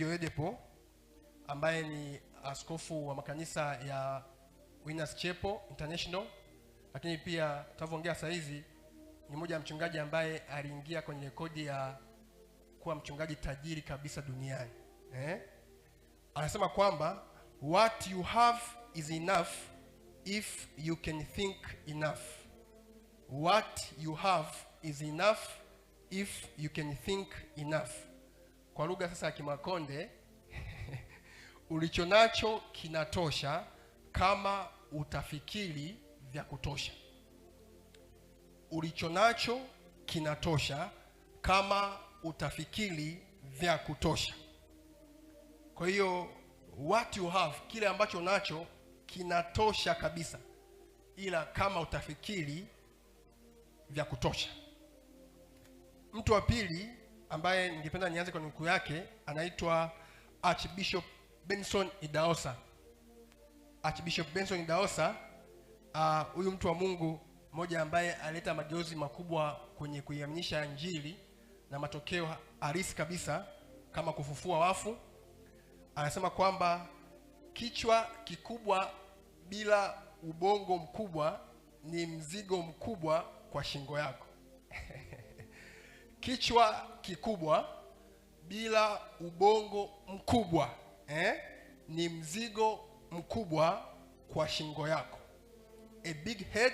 Liwedepo ambaye ni askofu wa makanisa ya Winners Chapel International, lakini pia tunavyoongea saa hizi ni mmoja ya mchungaji ambaye aliingia kwenye rekodi ya kuwa mchungaji tajiri kabisa duniani eh? Anasema kwamba what you have is enough if you can think enough. What you have is enough if you can think enough kwa lugha sasa ya Kimakonde ulicho nacho kinatosha kama utafikiri vya kutosha. Ulicho nacho kinatosha kama utafikiri vya kutosha. Kwa hiyo what you have, kile ambacho nacho kinatosha kabisa, ila kama utafikiri vya kutosha. Mtu wa pili ambaye ningependa nianze kwa nukuu yake, anaitwa Archbishop Benson Idaosa. Archbishop Benson Idaosa, ah, huyu uh, mtu wa Mungu mmoja ambaye alileta mageuzi makubwa kwenye kuiaminisha Injili na matokeo halisi kabisa kama kufufua wafu, anasema kwamba kichwa kikubwa bila ubongo mkubwa ni mzigo mkubwa kwa shingo yako kichwa kikubwa bila ubongo mkubwa eh, ni mzigo mkubwa kwa shingo yako. A big head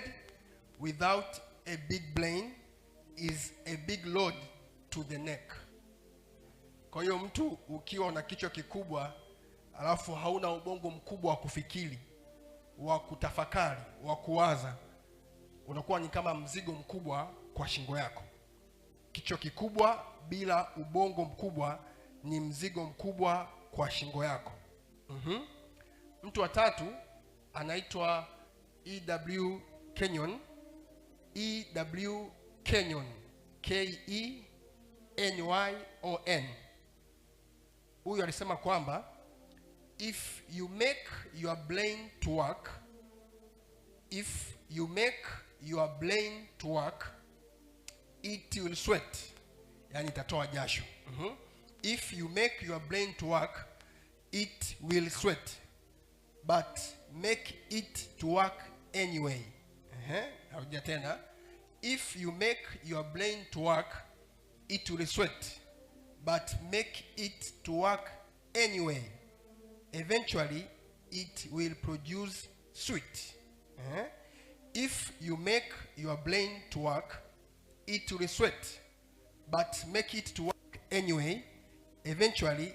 without a big brain is a big load to the neck. Kwa hiyo mtu ukiwa una kichwa kikubwa alafu hauna ubongo mkubwa wa kufikiri, wa kutafakari, wa kuwaza, unakuwa ni kama mzigo mkubwa kwa shingo yako kichwa kikubwa bila ubongo mkubwa ni mzigo mkubwa kwa shingo yako. mm -hmm. Mtu wa tatu anaitwa EW Kenyon. EW Kenyon, K E N Y O N. Huyu alisema kwamba if you make your brain to work, if you make your brain to work it will sweat, yani itatoa jasho. mm -hmm. If you make your brain to work it will sweat, but make it to work anyway. Uh-huh. Narudia tena, if you make your brain to work it will sweat, but make it to work anyway. Eventually it will produce sweat. Uh-huh. If you make your brain to work it will sweat, but make it to work anyway. Eventually,